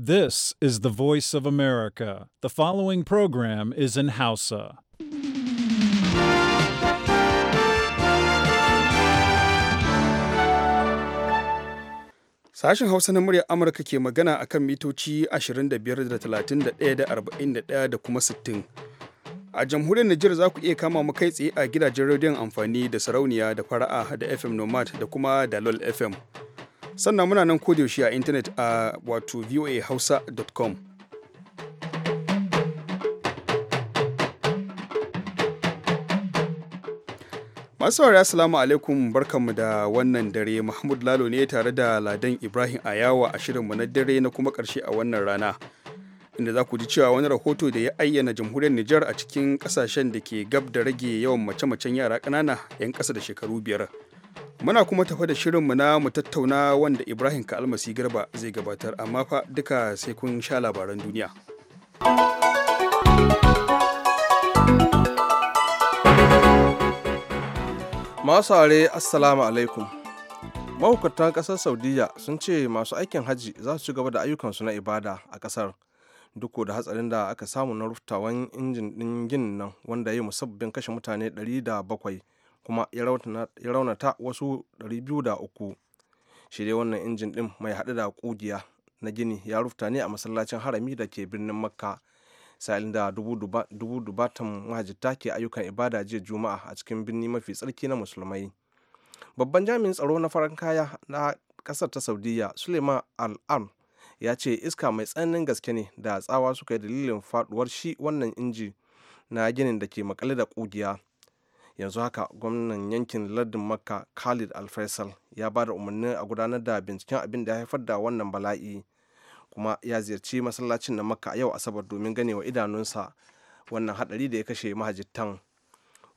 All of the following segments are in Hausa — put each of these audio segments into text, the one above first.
This is the voice of America. The following program is in Hausa. Sashen Hausa na muryar Amurka ke magana a kan mitoci 25,31,41 da da da kuma 60. A jamhuriyar Nijar za ku iya kama mu kai tsaye a gidajen rediyon amfani da sarauniya da fara'a da FM Nomad da kuma Dalol FM. sannan muna nan yaushe a intanet a wato voahausa.com masu saurari assalamu alaikum barkanmu da wannan dare mahmud lalo ne tare da ladan ibrahim ayawa a shirin mu na dare na kuma karshe a wannan rana inda za ku ji cewa wani rahoto da ya ayyana jamhuriyar nijar a cikin kasashen da ke gab da rage yawan mace-macen yara ƙanana 'yan ƙasa da shekaru biyar Muna kuma tafa da shirinmu na mu tattauna wanda Ibrahim ka almasi Garba zai gabatar amma fa duka sai kun sha labaran duniya. Masu are Assalamu alaikum. Mahukuntan ƙasar Saudiya sun ce masu aikin hajji za su ci gaba da ayyukansu na ibada a ƙasar. duk da hatsarin da aka samu na ruftawan injin ɗin ginin nan wanda ya yi musabbin kashe mutane 700 kuma ya raunata wasu 203 shi dai wannan injin din mai haɗu da ƙugiya na gini ya rufta ne a masallacin harami da ke birnin makka sa'ilin da dubu dubatan mahajjata ke ayyukan ibada jiya juma'a a cikin birni mafi tsarki na musulmai babban jami'in tsaro na farin kaya na ƙasar ta saudiya suleiman al'am ya ce iska mai tsananin gaske ne da tsawa suka yi dalilin faduwar shi wannan inji na ginin da ke makale da kugiya yanzu haka gwamnan yankin lardin makka khalid alfaisal ya ba da umarni a gudanar da binciken abin da ya haifar da wannan bala'i kuma ya ziyarci masallacin na makka a yau asabar domin gane wa idanunsa wannan hadari da ya kashe mahajittan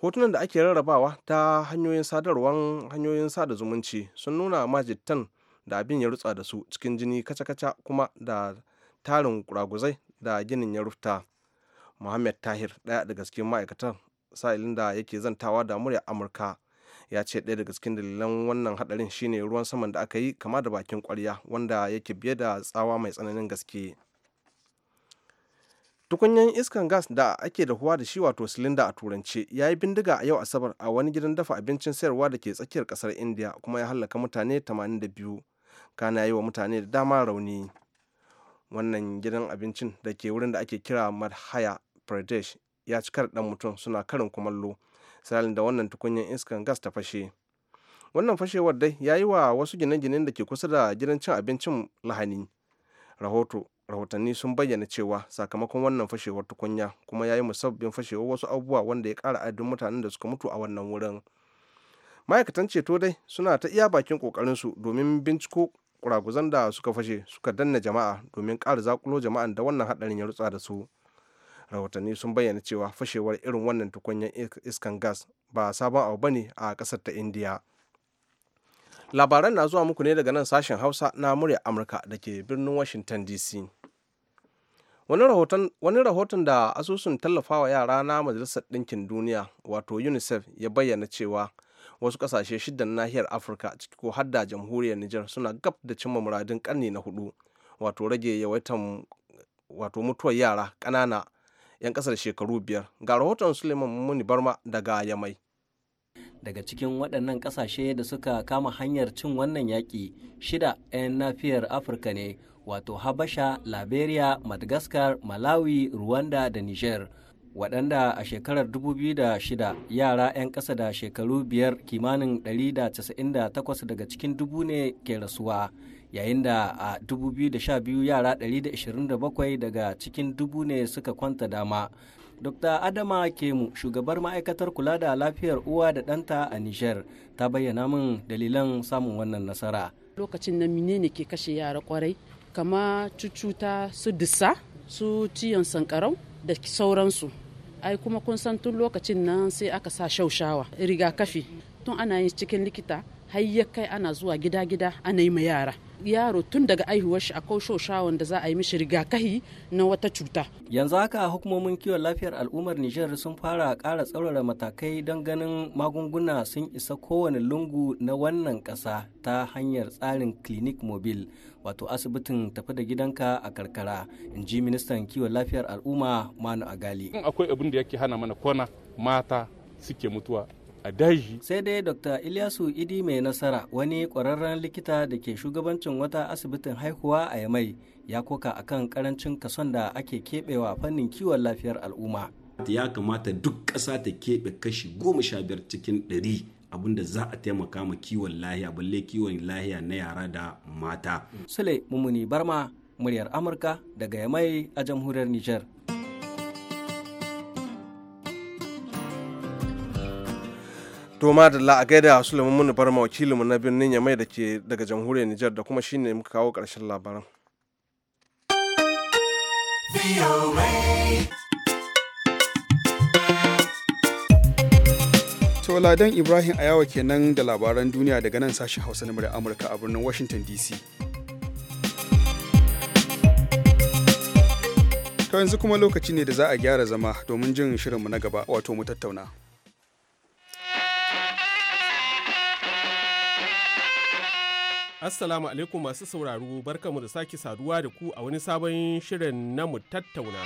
hotunan da ake rarrabawa ta hanyoyin sadarwar hanyoyin sada zumunci sun nuna mahajittan da abin ya rutsa da su cikin jini kaca-kaca kuma da tarin kuraguzai da ginin ya rufta muhammad tahir daya daga cikin ma'aikatan sa'ilin da yake zantawa da murya amurka ya ce ɗaya daga cikin dalilan wannan hadarin shine ruwan saman da aka yi kama da bakin kwarya wanda yake biye da tsawa mai tsananin gaske tukunyan iskan gas da ake dahuwa da shi wato silinda a turance ya yi bindiga a yau asabar a wani gidan dafa abincin sayarwa da ke tsakiyar kasar india kuma ya hallaka mutane 82 kana yi wa mutane da dama rauni wannan gidan abincin da ke wurin da ake kira madhya pradesh ya ci kar dan mutum suna karin kumallo salin da wannan tukunyar iskan gas ta fashe wannan fashewar dai ya yi wa wasu gine gine da ke kusa da gidan cin abincin lahani rahoto rahotanni sun bayyana cewa sakamakon wannan fashewar tukunya kuma ya yi musabbin fashewar wasu abubuwa wanda ya kara adadin mutanen da suka mutu a wannan wurin ma'aikatan ceto dai suna ta iya bakin su domin binciko kuraguzan da suka fashe suka danna jama'a domin kara zakulo jama'an da wannan haɗarin ya rutsa da su rahotanni sun bayyana cewa fashewar irin wannan tukunyar iskan gas ba sabon abu bane a kasar ta indiya labaran na zuwa muku ne daga nan sashen hausa na murya amurka da ke birnin washington dc wani rahoton da asusun tallafawa yara na majalisar ɗinkin duniya wato unicef ya bayyana cewa wasu ƙasashe shidda na nahiyar afirka ciki ko har da jamhuriyar niger suna gab da cimma muradin karni na hudu wato rage yawaitan wato mutuwar yara ƙanana 'yan kasar shekaru biyar ga rahoton suleiman muni barma daga yamai daga cikin waɗannan ƙasashe da suka kama hanyar cin wannan yaƙi shida 'yan nafiyar afirka ne wato habasha liberia madagascar malawi rwanda da niger waɗanda a shekarar 2006 yara 'yan ƙasa da shekaru biyar kimanin 198 daga cikin dubu ne ke rasuwa yayin da a 2012 yara 127 daga cikin dubu ne suka kwanta dama dr adama kemu shugabar ma'aikatar kula da lafiyar uwa da ɗanta a niger ta bayyana min dalilan samun wannan nasara lokacin na ne ke kashe yara kwarai kama cucuta su disa su ciyon sankarau da sauransu ai kuma kun san tun lokacin nan sai aka sa shaushawa rigakafi tun ana yin cikin likita har ya kai ana zuwa gida-gida ana yi ma yara yaro tun daga aihuwar shi akwai shoshawan da za a yi mishi rigakahi na wata cuta yanzu haka hukumomin kiwon lafiyar al'ummar nijar sun fara ƙara tsaurara matakai don ganin magunguna sun isa kowane lungu na wannan ƙasa ta hanyar tsarin clinic mobile wato asibitin tafi da gidanka a karkara in ji ministan kiwon lafiyar al'umma manu agali akwai abin da yake hana mana kona mata suke mutuwa a daji. Sai dai Dr. Ilyasu Idi mai nasara wani ƙwararren likita da ke shugabancin wata asibitin haihuwa a Yamai ya koka akan karancin kason da ake keɓewa fannin kiwon lafiyar al'umma. Ya kamata duk ƙasa ta keɓe kashi goma sha biyar cikin ɗari abinda za a taimaka ma kiwon lahiya balle kiwon lahiya na yara da mata. Sule Mumuni Barma, muryar Amurka daga Yamai a jamhuriyar Nijar. to madalla a gaida sulaiman mun bar mu na birnin yamai da ke daga jamhuriyar Nijar da kuma shine muka kawo karshen labaran To Ladan Ibrahim Ayawa kenan da labaran duniya daga nan sashen Hausa na Amurka a birnin Washington DC. ta yanzu kuma lokaci ne da za a gyara zama domin jin shirinmu na gaba wato mu tattauna. Assalamu alaikum masu sauraro barkamu da sake saduwa da ku a wani sabon shirin na mu tattauna.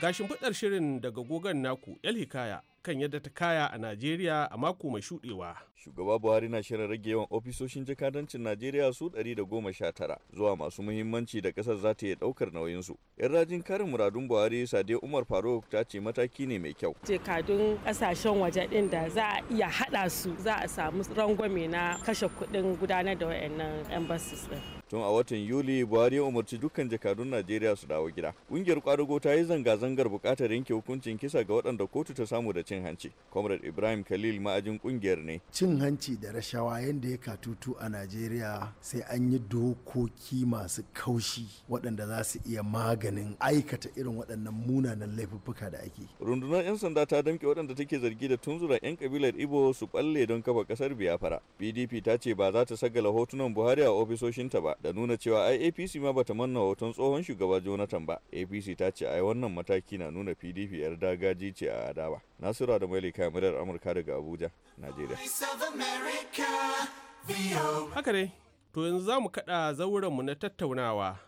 Ga shimfiɗar shirin daga gogon naku El Hikaya kan yadda ta kaya a Najeriya a mako mai shuɗewa. Shugaba Buhari na shirin rage yawan ofisoshin jakadancin Najeriya su 119 zuwa masu muhimmanci da ƙasar za ta iya ɗaukar nauyinsu. Yan rajin karin muradun Buhari Sadiya Umar Faruk ta ce mataki ne mai kyau. Jakadun ƙasashen waje ɗin da za a iya haɗa su za a samu rangwame na kashe kuɗin gudanar da wayannan embassies ɗin. tun a watan yuli buhari ya umarci dukkan jakadun najeriya su dawo gida kungiyar kwadago ta yi zanga-zangar bukatar yanke hukuncin kisa ga waɗanda kotu ta samu da cin hanci comrade ibrahim khalil ma'ajin kungiyar ne cin hanci da rashawa yadda ya katutu a najeriya sai an yi dokoki masu kaushi waɗanda za su iya maganin aikata irin waɗannan munanan laifuffuka da ake rundunar 'yan sanda ta damke waɗanda take zargi da tunzura 'yan kabilar ibo su ɓalle don kafa ƙasar biyafara pdp ta ce ba za ta sagala hotunan buhari a ofisoshinta ba da nuna cewa ai apc ma bata manna hoton tsohon shugaba jonathan ba apc ta ce ai wannan mataki na nuna pdp yar dagaji ce a adawa nasura da maili kamarar amurka daga abuja najeriya haka dai to yanzu za mu kaɗa zauren mu na tattaunawa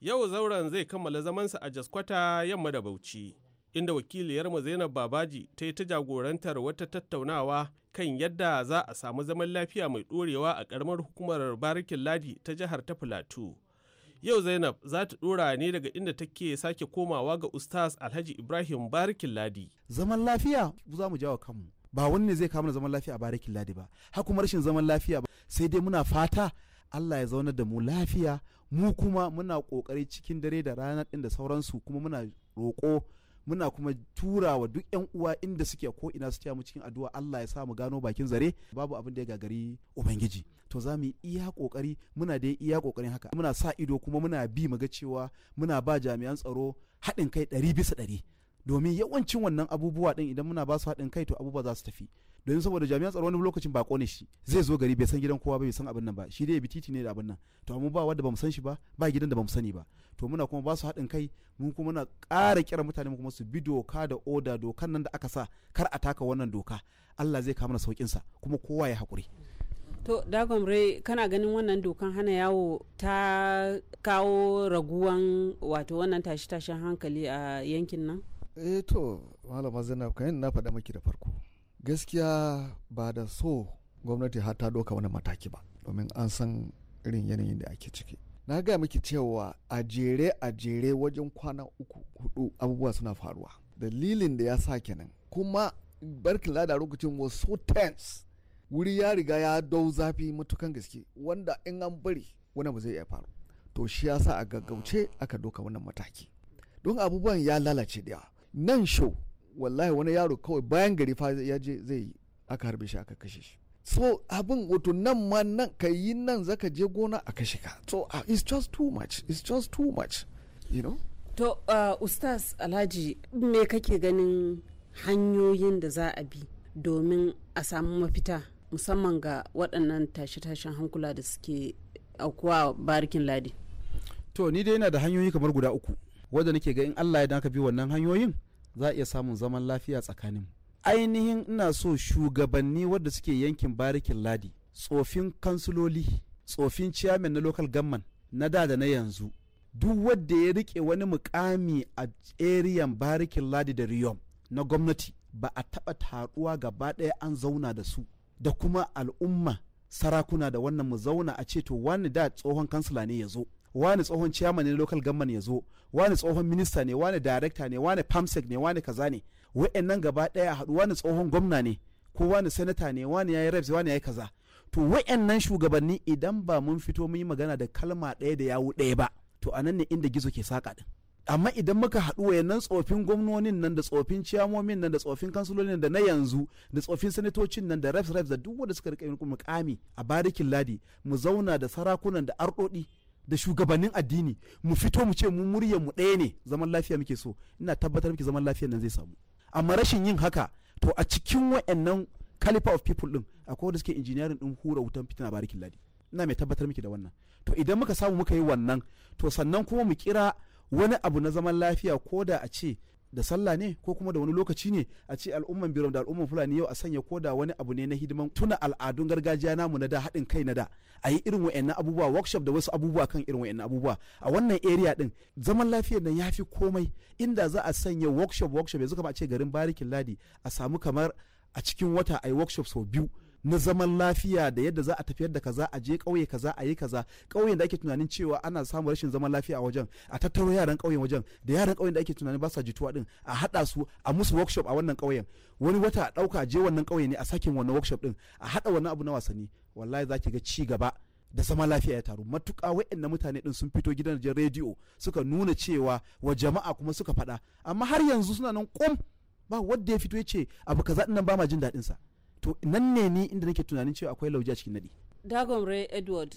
yau zauren zai kammala zamansa a jaskwata yamma da bauchi inda wakiliyarmu Zainab Babaji ta yi ta jagorantar wata tattaunawa kan yadda za a samu zaman lafiya mai ɗorewa a ƙaramar hukumar barikin ladi ta jihar ta Filato. Yau Zainab za ta ɗora ne daga inda take sake komawa ga Ustaz Alhaji Ibrahim Barikin Ladi. Zaman lafiya za mu jawo kanmu. Ba wani ne zai kama zaman lafiya a Barikin Ladi ba. Hakuma rashin zaman lafiya ba. Sai dai muna fata Allah ya zauna da mu lafiya mu kuma muna kokari cikin dare da rana ɗin da sauransu kuma muna roƙo muna kuma tura wa duk yan uwa inda suke ko ina su mu cikin addu'a Allah ya sa mu gano bakin zare babu abin da ya gagari ubangiji to za mu iya kokari muna da iya kokarin haka muna sa ido kuma muna bi mu ga cewa muna ba jami'an tsaro haɗin kai ɗari bisa ɗari domin yawancin wannan abubuwa din idan muna ba su haɗin kai to abubuwa za su tafi domin saboda jami'an tsaro wani lokacin ba ne shi zai zo gari bai san gidan kowa ba bai san abin nan ba shi dai bi titi ne da abin nan to amma ba wanda bamu san shi ba ba gidan da bamu sani ba to muna kuma ba su haɗin kai mun kuma na ƙara kira mutane kuma su bi doka da oda dokan nan da aka sa kar a taka wannan doka Allah zai kawo mana saukin sa kuma kowa ya haƙuri to dagomre kana ganin wannan dokan hana yawo ta kawo raguwan wato wannan tashi-tashin hankali a yankin nan eh to malama zainab kan na faɗa maki da farko gaskiya ba da so gwamnati har ta doka wani mataki ba domin an san irin yanayin da ake ciki na ga miki cewa a jere a jere wajen kwana uku hudu abubuwa suna faruwa dalilin da ya sa kenan kuma barkin lada lokacin was so tense wuri ya riga ya dau zafi matukan gaske wanda in an bari wani ba zai iya faru to shi ya sa a gaggauce aka doka wannan mataki don abubuwan ya lalace da nan show wallahi wani yaro kawai bayan gari fa ya je zai yi aka harbe shi aka kashe shi so abin wato nan ma nan ka yi nan zaka je gona a kashe ka so ah, it's just too much it's just too much you know to uh, ustaz alhaji me kake ganin hanyoyin da za a bi domin a samu mafita musamman ga waɗannan tashe-tashen hankula da suke aukuwa barikin ladi to ni dai yana da hanyoyi kamar guda uku wanda nake ga in allah ya ka bi wannan hanyoyin za a iya samun zaman lafiya tsakanin ainihin ina so shugabanni wadda suke yankin barikin ladi tsofin kansuloli tsofin ciyamin na lokal gamman na da da na yanzu duk wadda ya rike wani mukami a eriyan barikin ladi da riyom na gwamnati ba a taɓa taruwa gaba ɗaya an zauna da su da kuma al'umma sarakuna da wannan mu zauna a ce to wani da tsohon kansula ne ya zo wani tsohon chairman ne local government ya zo wani tsohon minista ne wani director ne wani pamsec ne wani kaza ne wa'annan gaba daya haɗu wani tsohon gwamna ne ko wani senator ne wani yayi reps wani yayi kaza to wa'annan shugabanni idan ba mun fito mun yi magana da kalma ɗaya da yawu ɗaya ba to a nan ne inda gizo ke saka din amma idan muka haɗu wayannan tsofin gwamnonin nan da tsofin ciyamomin nan da tsofin kansulolin da na yanzu da tsofin sanatocin nan da refs refs da duk wanda suka rika yin mukami a barikin ladi mu zauna da sarakunan da arɗoɗi da shugabannin addini mu fito mu ce mu muryar mu ɗaya ne zaman lafiya muke so ina tabbatar muke zaman lafiyar nan zai samu amma rashin yin haka to a cikin wa'annan caliper of people din akwai wanda suke engineering din hura wutan fitina barikin ladi ina mai tabbatar muke da wannan to idan muka samu muka yi wannan to sannan kuma mu kira wani abu na zaman lafiya ko da a ce da sallah ne ko kuma da wani lokaci ne a ce al'umman biram da al'umman fulani yau a sanya ko da wani abu ne na hidiman tuna al'adun gargajiya namu na da haɗin kai na da a yi irin wa'annan abubuwa workshop da wasu abubuwa kan irin wa'annan abubuwa a wannan area din zaman lafiyar nan yafi komai inda za a sanya workshop workshop yanzu kamar a ce garin barikin ladi a samu kamar a cikin wata a yi workshop sau biyu na zaman lafiya da yadda za a tafiyar da kaza a je ƙauye kaza a yi kaza ƙauyen da ake tunanin cewa ana samun rashin zaman lafiya a wajen a tattaro yaran ƙauyen wajen da yaran ƙauyen da ake tunanin ba sa jituwa din a haɗa su a musu workshop a wannan ƙauyen wani wata a ɗauka je wannan ƙauye ne a sakin wannan workshop din a haɗa wannan abu na wasanni wallahi za ki ga ci gaba da zaman lafiya ya taru matuƙa wa'annan mutane din sun fito gidan rediyo suka nuna cewa wa jama'a kuma suka faɗa amma har yanzu suna nan ƙum ba wanda ya fito ya ce abu kaza ɗin nan ba ma jin daɗinsa sa to nan ne ni inda nake tunanin cewa akwai lauje a cikin nadi dagomre edward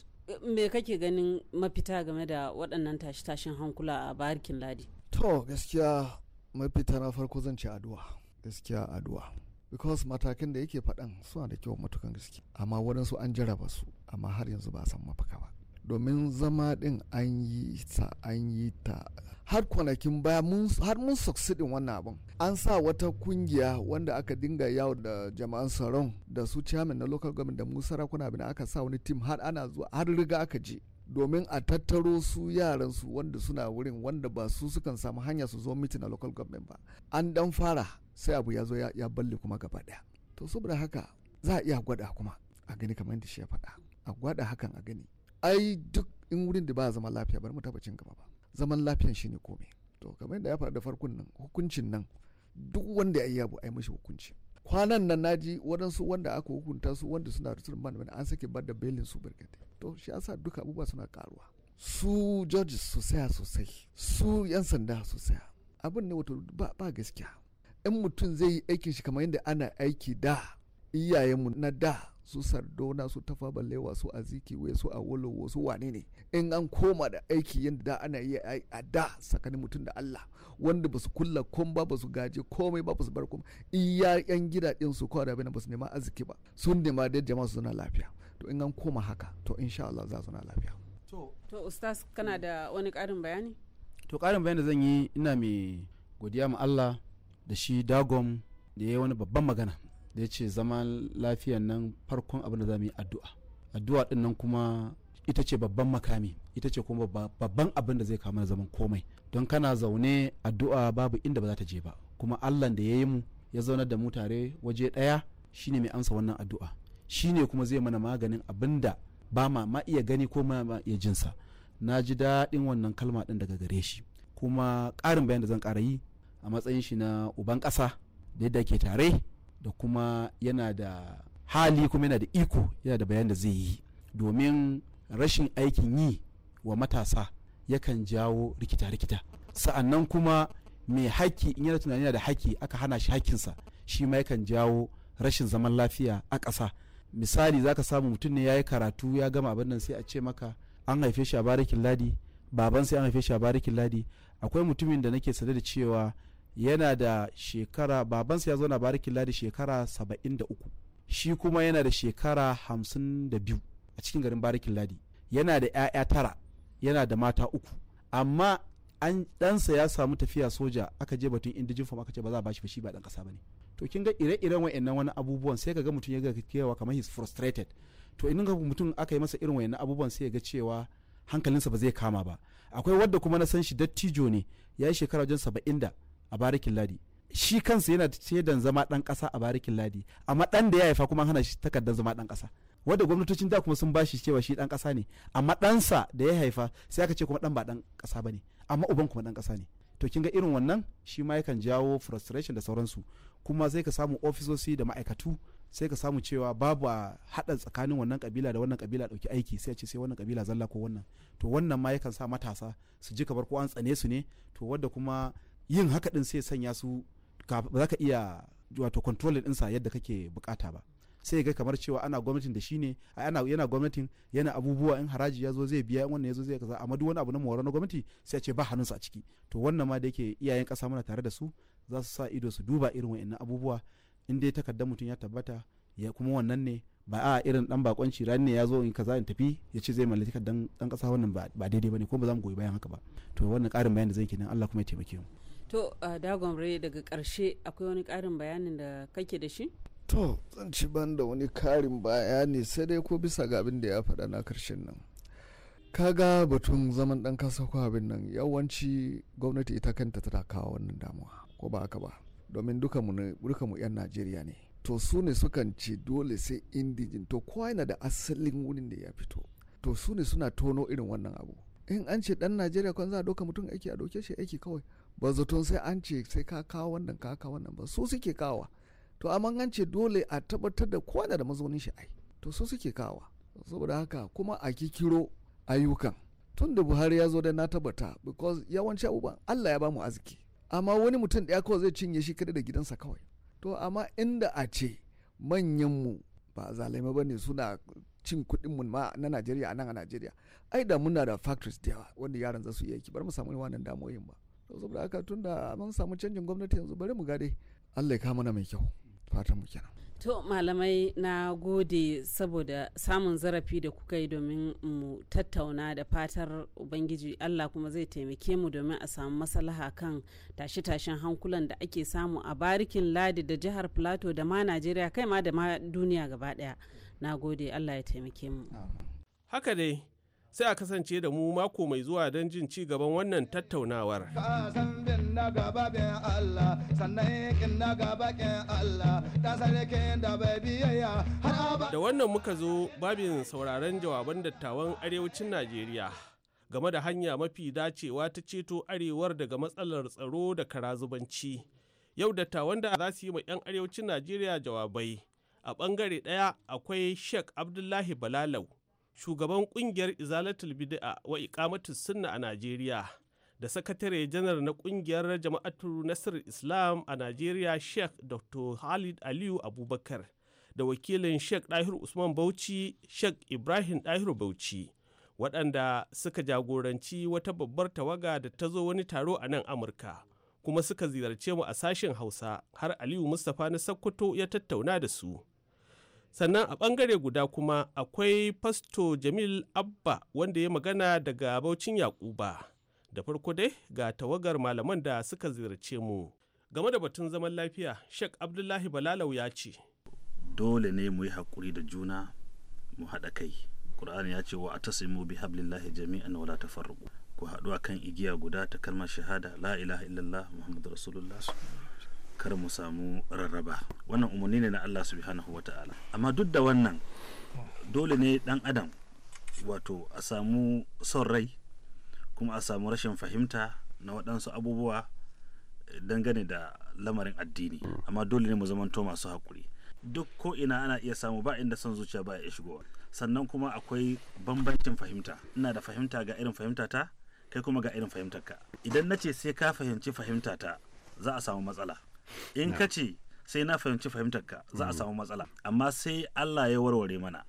me kake ganin mafita game da waɗannan tashi-tashin hankula a barkin ladi to gaskiya mafita na farko zan ce addu'a gaskiya addu'a because matakin da yake faɗan suna da kyau matukan gaske amma waɗansu an jaraba su amma har yanzu ba a san mafaka ba domin zama ɗin an yi ta an yi ta har kwanakin baya har mun succeedin wannan abin an sa wata kungiya wanda aka dinga yawo da jama'an tsaron da su chairman na local government da mu sarakuna bin aka sa wani team har ana zuwa har riga aka je domin a tattaro su yaran su wanda suna wurin wanda ba su sukan samu hanya su zo mitin na local government ba an dan fara sai abu ya zo ya balle kuma gaba daya to saboda haka za a iya gwada kuma a gani kamar yadda shi ya faɗa a gwada hakan a gani ai duk in wurin da ba zama lafiya bari mu tabbacin gaba ba zaman lafiyan shi ne komai to kamar yadda ya faru da farkon nan hukuncin nan duk wanda ya yi abu ai mashi hukunci kwanan nan naji waɗansu wanda aka hukunta su wanda suna da da an sake bada belin su barkatai to shi yasa duka abubuwa suna karuwa su judges su saya sosai su yan sanda su saya abin ne wato ba, ba gaskiya in mutum zai yi aikin shi kamar yadda ana aiki da iyayenmu na da su sardona su tafa a su azikiwe su awolowo wasu wane ne in an koma da aiki yadda da ana yi a da tsakanin mutum da Allah wanda basu kulla kun ba basu gaje komai ba basu bar kuma iya yan din su kawai da bane basu nema arziki ba sun nema da jama'a su zauna lafiya to in an koma haka to insha Allah za su na lafiya to to ustaz kana da wani karin bayani to karin bayani zan yi ina mai godiya ma Allah da shi dagom da ya yi wani babban magana da ya ce zama lafiyan nan farkon abin da za mu yi addu'a addu'a din nan kuma ita ce babban makami ita ce kuma babban abin da zai kama zaman komai don kana zaune addu'a babu inda ba za ta je ba kuma allah da ya yi mu ya zaunar da mu tare waje ɗaya shine mai amsa wannan addu'a shine kuma zai mana maganin abin da ba ma ma iya gani ko ma iya jinsa na ji daɗin wannan kalma ɗin daga gare shi kuma ƙarin bayan da zan ƙara yi a matsayin shi na uban ƙasa da yadda ke tare da kuma yana da hali kuma yana da iko yana da bayan da zai yi domin rashin aikin yi wa matasa yakan jawo rikita-rikita sa'annan kuma mai haƙƙi in yana tunani da haƙƙi aka hana shi haƙƙinsa shi ma yakan jawo rashin zaman lafiya a ƙasa misali zaka samu mutum ne ya yi karatu ya gama abin nan sai a ce maka an haife shi a barikin ladi baban sai an haife shi a barikin ladi akwai mutumin da nake sade da cewa yana da shekara babansa ya zauna barikin ladi shekara 73 shi kuma yana da shekara 52 a cikin garin barikin ladi yana da 'ya'ya tara yana da mata uku amma an ɗansa ya samu tafiya soja aka je batun indijin fam aka ce ba za a bashi shi ba ɗan ƙasa ba ne to kin ga ire-iren wa'annan wani abubuwan sai ka ga mutum ya ga kewa kamar he's frustrated to in ga mutum aka yi masa irin wa'annan abubuwan sai ya ga cewa hankalinsa ba zai kama ba akwai wadda kuma na san shi dattijo ne ya yi shekara wajen saba'in da a barikin ladi shi kansa yana shaidan zama dan kasa a barikin ladi amma dan da ya haifa kuma hana shi takardar zama dan kasa wanda gwamnatocin da kuma sun bashi cewa shi dan kasa ne amma ɗansa da ya haifa sai aka ce kuma dan ba dan kasa bane amma uban kuma dan kasa ne to kin ga irin wannan shi ma yakan jawo frustration da sauransu kuma sai ka samu ofisoshi da ma'aikatu sai ka samu cewa babu a haɗa tsakanin wannan kabila da wannan kabila ɗauki aiki sai a ce sai wannan kabila zalla ko wannan to wannan ma yakan sa matasa su ji kamar ko an tsane su ne to wanda kuma yin haka din sai sanya su ba za ka iya wato controlling ɗinsa yadda kake bukata ba sai ga kamar cewa ana gwamnatin da shine ana yana gwamnatin yana abubuwa in haraji ya zo zai biya in wannan ya zo zai kaza amma duk wani abu na mora na gwamnati sai a ce ba hannunsa a ciki to wannan ma da yake iyayen kasa muna tare da su za su sa ido su duba irin wa'annan abubuwa in dai takardar mutum ya tabbata ya kuma wannan ne ba a irin dan bakonci ran ne ya zo in kaza in tafi ya ce zai mallaki dan dan kasa wannan ba daidai bane ko ba za mu goyi bayan haka ba to wannan karin bayan da zai kenan Allah kuma ya taimake mu to dagon rai daga karshe akwai wani karin bayanin da kake da shi to zan ci ban da wani karin bayani sai dai ko bisa ga abin da ya faɗa na karshen nan kaga batun zaman ɗan kasa ko abin nan yawanci gwamnati ita kanta ta kawo wannan damuwa ko ba haka ba domin duka mu duka mu yan Najeriya ne to su ne sukan ce dole sai indijin to kowa yana da asalin wurin da ya fito to su ne suna tono irin wannan abu in an ce dan Najeriya kwan za a doka mutum aiki a doke shi aiki kawai ba zaton sai an ce sai ka kawo wannan ka kawo wannan ba su suke kawa to amma an ce dole a tabbatar da kowane da mazaunin shi ai to su suke kawa saboda haka kuma a kikiro ayyukan tun da buhari ya zo da na tabbata because yawanci abubuwan allah ya ba mu arziki amma wani mutum ɗaya kawai zai cinye shi kada da gidansa kawai to amma inda a ce manyanmu ba zalima ba ne suna cin kuɗin mu na najeriya a nan a najeriya ai da muna da factories da yawa wanda yaran za su iya ki bar mu samu wannan damoyin ba saboda haka da mun samu canjin gwamnati yanzu bari mu gade Allah ya kama na mai kyau fatan mu kenan to malamai na gode saboda samun zarafi da kuka yi domin mu tattauna da fatar ubangiji allah kuma zai taimake mu domin a samu maslaha kan tashe-tashen hankulan da ake samu a barikin ladi da jihar plateau da ma najeriya kai ma da ma duniya gaba daya na gode allah ya taimake mu haka dai sai a kasance da mu mako mai zuwa don jin ci gaban wannan tattaunawar. Da wannan muka zo babin sauraron jawaban dattawan arewacin Najeriya game da hanya mafi dacewa ta ceto arewar daga matsalar tsaro da karazubanci. Yau dattawan da za su yi ma 'yan arewacin Najeriya jawabai. A ɓangare ɗaya akwai Sheikh Abdullahi Balalau shugaban kungiyar izalatul Bidi'a, wa iqamatus sunna a Najeriya da sakatare janar na kungiyar jama'atul nasir islam a Najeriya sheikh dr Khalid aliyu abubakar da wakilin sheikh dahir usman bauchi sheikh ibrahim dahir bauchi waɗanda suka jagoranci wata babbar tawaga da ta zo wani taro a nan amurka kuma suka ziyarce mu a sashen hausa har aliyu mustapha na sokoto ya tattauna da su sannan a ɓangare guda kuma akwai fasto jamil abba wanda ya magana daga baucin yakuba da farko dai ga tawagar malaman da suka ziyarce mu game da batun zaman lafiya shek abdullahi balalau ya ce dole ne mu yi haƙuri da juna mu haɗa kai ƙur'ani ya ce wa mu bi hablillahi jami'an wala tafarruqu ku haɗu kan igiya guda ta kalmar shahada la illallah muhammadu rasulullah kar mu samu rarraba wannan umarni ne na Allah subhanahu wa ta'ala amma duk da wannan dole ne dan adam wato a samu son rai kuma a samu rashin fahimta na waɗansu abubuwa dangane da lamarin addini amma dole ne mu zamanto masu haƙuri duk ko ina ana iya samu ba inda son zuciya ba ya shigowa sannan kuma akwai bambancin fahimta ina da fahimta ga irin fahimta ta kai kuma ga irin fahimtarka idan na ce sai ka fahimci fahimta ta za a samu matsala in ka ce sai na fahimci fahimtar ka za a mm. samu matsala amma sai Allah ya warware mana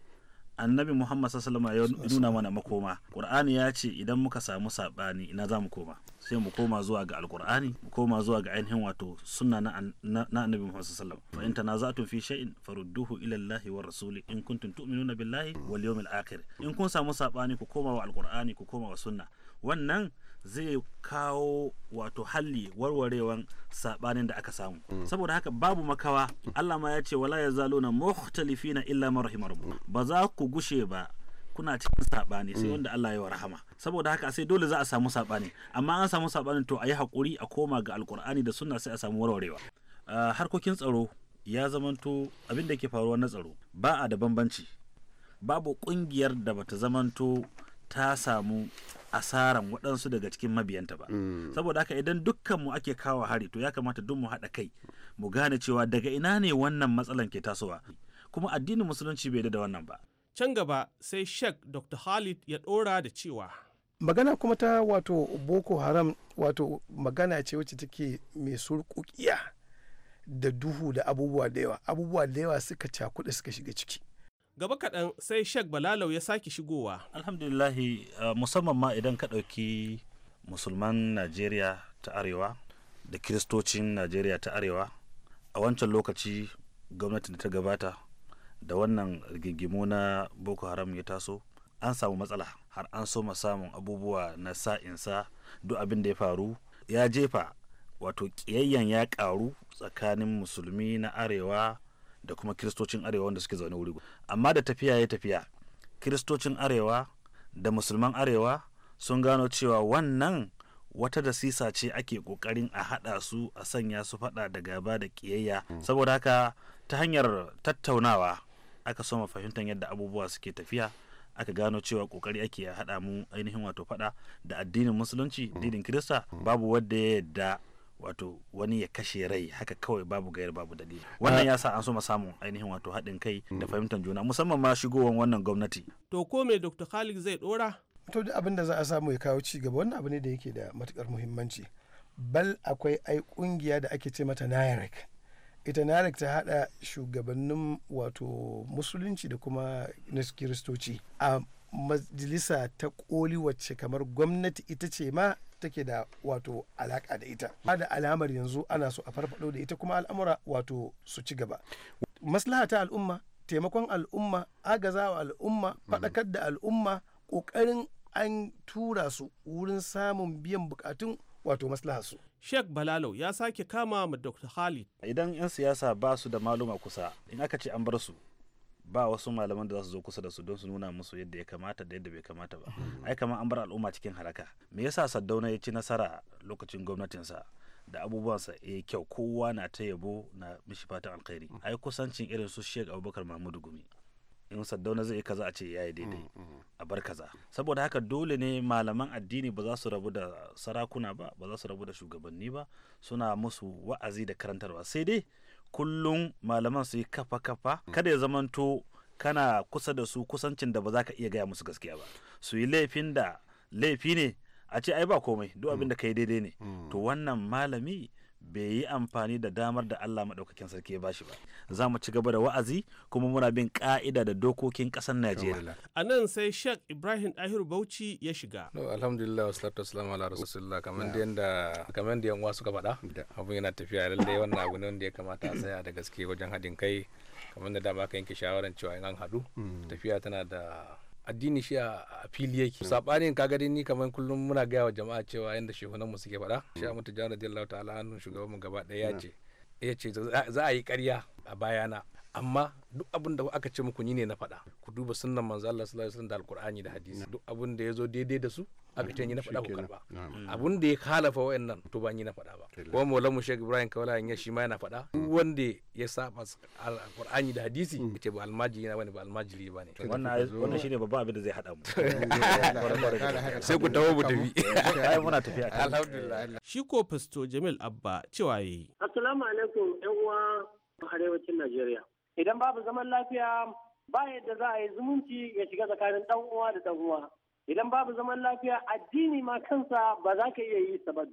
annabi Muhammad sallallahu alaihi wasallam ya nuna mana makoma Qur'ani ya ce idan muka samu sabani ina za mu koma sai mu koma zuwa ga alqur'ani mu koma zuwa ga ainihin wato sunna na annabi Muhammad sallallahu alaihi wasallam fa in tanaza'tum fi shay'in farudduhu ila Allah wa rasuli in kuntum tu'minuna billahi wal yawmil akhir in kun samu sabani ku koma wa alqur'ani ku koma wa sunna wannan zai kawo wato halli warwarewan sabanin da aka samu mm. saboda haka babu makawa Allah ma ya ce wala na mukhtalifina illa man mm. ba za ku gushe ba kuna cikin saɓani sai mm. wanda Allah ya wa rahama saboda haka sai dole za a samu saɓani amma an samu saɓani to a yi hakuri a koma ga alkur'ani da sunna sai a samu warwarewa harkokin tsaro ya zamanto abin da ke faruwa na tsaro ba a da bambanci babu ƙungiyar da bata zamanto ta samu asaran waɗansu daga cikin mabiyanta ba mm. saboda haka idan dukkanmu ake kawo hari to ya kamata duk mu haɗa kai mu gane cewa daga ina ne wannan matsalan ke tasowa kuma addinin musulunci bai da wannan ba can gaba sai sheikh dr khalid ya ɗora da cewa magana kuma ta wato boko haram wato magana ce wacce take mai surkukiya da duhu da abubuwa da yawa abubuwa da yawa suka cakuɗa suka shiga ciki gaba kaɗan sai shek balalau ya sake shigowa alhamdulillahi uh, musamman ma idan ka ɗauki musulman najeriya ta arewa da kiristocin najeriya ta arewa a wancan lokaci gwamnatin da ta gabata da wannan rigingimu na boko haram ya taso an samu matsala har an soma samun abubuwa na sa'insa duk abin da ya faru ya jefa wato ƙiyayyen ya ƙaru tsakanin musulmi na arewa da kuma kiristocin arewa wanda suke zaune wuri amma da tafiya ya tafiya kiristocin arewa da musulman arewa sun gano cewa wannan wata da sisa ce ake kokarin a hada su a sanya su fada da gaba da kiyayya saboda haka ta hanyar tattaunawa aka soma fahimtar yadda abubuwa suke tafiya aka gano cewa kokari ake haɗa mu ainihin wato faɗa da addinin musulunci addinin kirista babu wanda ya yadda wato wani ya kashe rai haka kawai babu gayar babu dalili wannan ah. ya sa an so samun ainihin wato haɗin kai da mm. fahimtar juna musamman ma shigowan wannan gwamnati to ko me dr khalid zai dora to duk abin da za a samu ya kawo ci gaba wannan abu ne da yake da matukar muhimmanci bal akwai ai kungiya da ake ce mata nairek ita nairek ta hada shugabannin wato musulunci da kuma na kiristoci a majalisa ta koli wacce kamar gwamnati ita ce ma take da wato alaka da ita ba da alamar yanzu ana so a farfado da ita kuma al'amura wato su ci gaba maslaha ta al'umma taimakon al'umma agazawa al'umma faɗakar da al'umma ƙoƙarin an tura su wurin samun biyan bukatun wato maslaha su Sheikh Balalo ya sake kama ma Dr. Khalid. Idan 'yan siyasa ba su da maluma kusa, in aka ce an bar su, ba wasu malaman da za su zo kusa da su don su nuna musu yadda ya kamata da yadda bai kamata ba ai kamar an bar al'umma cikin haraka me yasa saddauna ya ci nasara lokacin gwamnatinsa da abubuwansa ya yi kyau kowa na ta yabo na mishi fatan alkhairi ai kusancin irin su sheikh abubakar mahmudu gumi in saddauna zai kaza a ce ya yi daidai mm, mm. a bar kaza saboda haka dole ne malaman addini ba za su rabu da sarakuna ba ba za su rabu da shugabanni ba suna musu wa'azi da karantarwa sai dai kullum malaman su yi kafa kafa hmm. kada ya zamanto kana kusa da su kusancin da ba za ka iya gaya musu gaskiya ba su yi laifin da laifi ne a ce ai ba komai duk abin hmm. da ka yi daidai ne hmm. to wannan malami bai yi amfani da damar da Allah maɗaukakin sarki ya bashi ba za mu ci gaba da wa'azi kuma muna bin ka'ida da dokokin ƙasar Najeriya a nan sai Sheikh Ibrahim Ahiru Bauchi ya shiga no alhamdulillah wassalatu wassalamu ala rasulillah kamar da yanda kamar da yan suka faɗa abun yana tafiya lalle wannan abu ne wanda ya kamata a tsaya da gaske wajen haɗin kai kamar da dama ka yanke shawaran cewa in an haɗu hmm. tafiya tana da addini shi a fili yake hmm. sabanin kaga dai ni kamar kullum muna gaya wa jama'a cewa yanda shehunan mu suke faɗa shi a mutu jami'ar radiyallahu ta'ala hannun shugaban mu gaba ɗaya hmm. ce ya ce za a yi karya a bayana amma duk abin da aka ce muku ni ne na faɗa ku duba sunnan manzo Allah sallallahu alaihi wasallam da alqur'ani da hadisi duk abin da yazo daidai da su aka ce ni na faɗa ku karba mm. abin da ya khalafa wa'annan to ba ni na faɗa ba kuma maulan mu Sheikh Ibrahim Kawala ya shi ma yana faɗa mm. wanda ya saba alqur'ani da hadisi mm. ce ba almajiri na bane ba almajiri ne wannan wannan shine babban abin da zai hada mu sai ku dawo mu tafi ai muna tafiya alhamdulillah shi ko Pastor Jamil Abba cewa yayi assalamu alaikum yan uwa arewacin Najeriya idan babu zaman lafiya ba yadda za a yi zumunci ya shiga tsakanin dan uwa da dan uwa idan babu zaman lafiya addini ma kansa ba za ka iya yi sa ba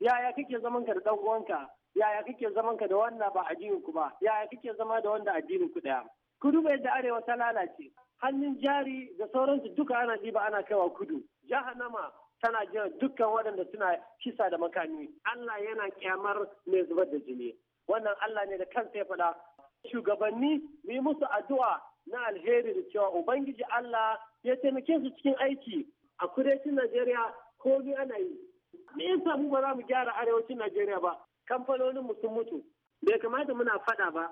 yaya kake zaman ka da dan uwanka yaya kake zaman ka da wannan ba addinin ku ba yaya kake zama da wanda addinin ku daya ku duba yadda arewa ta lalace hannun jari da sauransu duka ana diba ana kaiwa kudu jahannama tana jiran dukkan waɗanda suna kisa da makami Allah yana kyamar mai zubar da jini wannan Allah ne da kansa ya faɗa shugabanni mu yi musu addu'a na alheri da cewa ubangiji Allah ya taimake su cikin aiki a kudancin Najeriya ni ana yi me yasa mu ba za mu gyara arewacin Najeriya ba kamfanonin mu sun mutu bai kamata muna faɗa ba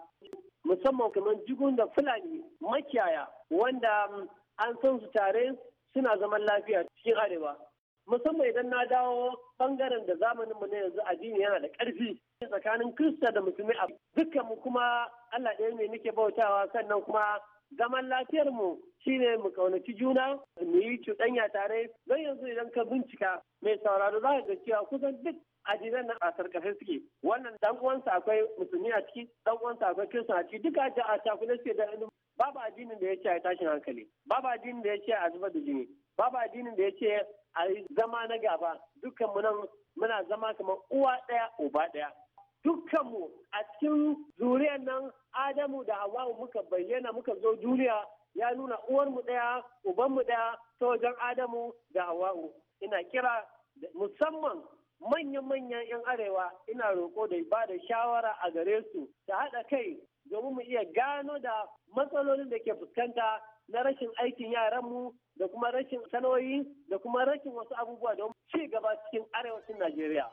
musamman kamar jigun da fulani makiyaya wanda mm, an san su tare suna zaman lafiya cikin arewa musamman idan na dawo bangaren da zamanin mu na yanzu addini yana da ƙarfi tsakanin Kirista da musulmi a dukkan mu kuma Allah ɗaya ne nake bautawa sannan kuma zaman lafiyar mu shine mu kaunaci juna mu yi cuɗanya tare don yanzu idan ka bincika mai sauraro za ka ga cewa kusan duk addinan nan a sarkafe suke wannan dan uwansa akwai musulmi a ciki dan uwansa akwai kirista a ciki duka a cakuɗe suke da babu addinin da ya ce a tashin hankali babu addinin da ya ce a zubar da jini babu addinin da ya ce a zama na gaba dukkanmu nan muna zama kamar uwa ɗaya uba ɗaya dukkanmu a cikin zuriyar nan adamu da hawa'u muka bayyana muka zo duniya ya nuna uwarmu ɗaya ubanmu ɗaya ta wajen adamu da hawa'u ina kira musamman manyan-manyan 'yan arewa ina roƙo da ba da shawara a gare su ta haɗa kai domin mu iya gano da matsalolin da ke fuskanta na rashin aikin yaran mu. da kuma rashin sanoyi da kuma rashin wasu abubuwa don ci gaba cikin arewacin Najeriya.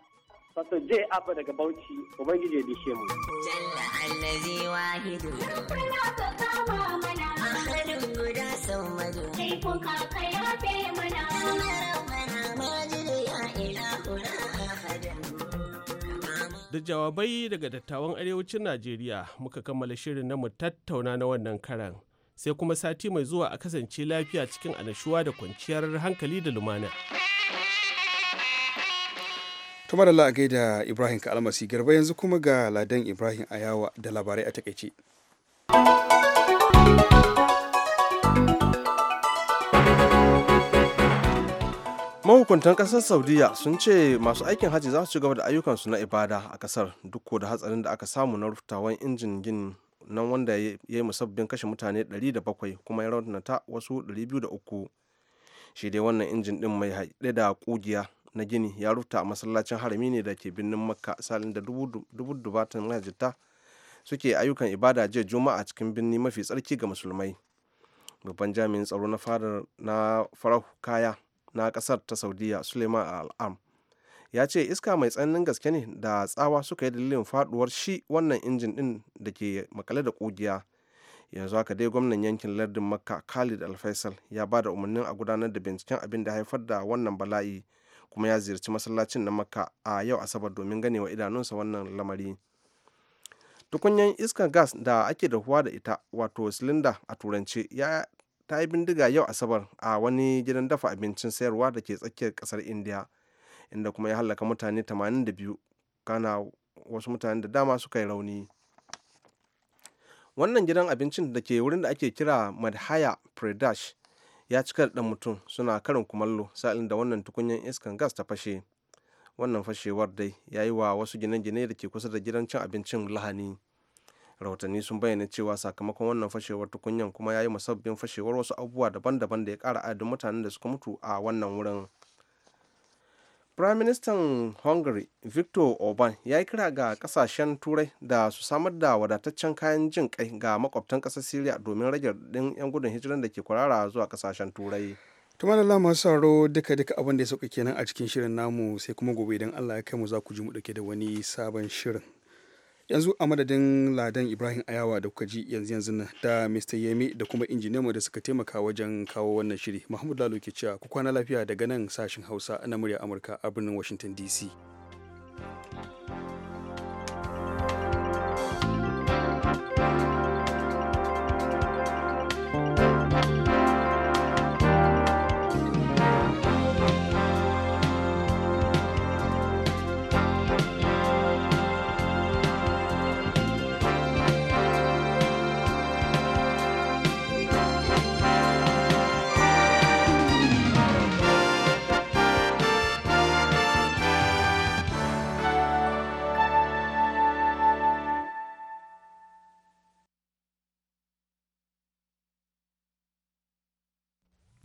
Faso J Abba daga Bauchi, Ubangiji ya bishe mu. Jalla allazi wahidu. Rukun ya ka kama mana. Ahadun guda sau madu. Kai kun kaka ya fe mana. Rabbana majidu ya ilahuna ahadan. Da jawabai daga dattawan arewacin Najeriya muka kammala shirin na mu tattauna na wannan karan. sai kuma sati mai zuwa a kasance lafiya cikin anashuwa da kwanciyar hankali da lumana. tumar Allah a gaida Ibrahim ka almasi garba yanzu kuma ga Ladan Ibrahim Ayawa da labarai a takaice. mahukuntan kasar saudiya sun ce masu aikin hajji za su ci gaba da ayyukansu na ibada a kasar duk da hatsarin da aka samu na rufutawan injin gini nan wanda ya yi musabbin kashe mutane 700 kuma ya raunata wasu 203 shi dai wannan injin din mai haɗe da kugiya na gini ya rufta a masallacin harami ne da ke birnin makka salin da dubu dubatan mahajjata suke ayyukan ibada jiya juma'a cikin birni mafi tsarki ga musulmai babban jami'in tsaro na fadar na farar kaya na kasar ta saudiya suleiman al'am ya ce iska mai tsananin gaske ne da tsawa suka yi dalilin faduwar shi wannan injin din da ke makale da kugiya yanzu haka dai gwamnan yankin lardin makka khalid alfaisal ya ba da umarnin a gudanar da binciken abin da haifar da wannan bala'i kuma ya ziyarci masallacin na makka a yau asabar domin wa idanunsa wannan lamari tukunyan iskar gas da ake da huwa da ita wato silinda a turance ya ta yi bindiga yau asabar a wani gidan dafa abincin sayarwa da ke tsakiyar kasar indiya. inda kuma ya halaka mutane 82 kana wasu mutane da dama suka yi rauni wannan gidan abincin da ke wurin da ake kira madhaya predash ya cika da mutum suna karin kumallo sa'ilin da wannan tukunyar iskan gas ta fashe wannan fashewar dai ya yi wa wasu gine-gine da ke kusa da gidan cin abincin lahani rahotanni sun bayyana cewa sakamakon wannan fashewar tukunyar kuma ya yi musabbin fashewar wasu abubuwa daban-daban da ya kara adadin mutanen da suka mutu a wannan wurin firaministan hungary victor orban ya yi kira ga kasashen turai da su samar da wadataccen kayan jin kai ga makwabtan kasar syria domin rage din 'yan gudun hijiran da ke kwarara zuwa kasashen turai tuma da masu sauro duka duka abin da ya sauka kenan a cikin shirin namu sai kuma gobe idan allah ya kai mu za ku ji mu dauke da wani sabon shirin yanzu a madadin ladan ibrahim ayawa da kuka ji yanzu yanzu da mr yemi da kuma injiniyanmu da suka taimaka wajen kawo wannan shiri mahmud lalo ke cewa ku kwana lafiya daga nan sashen hausa na murya amurka a birnin washington dc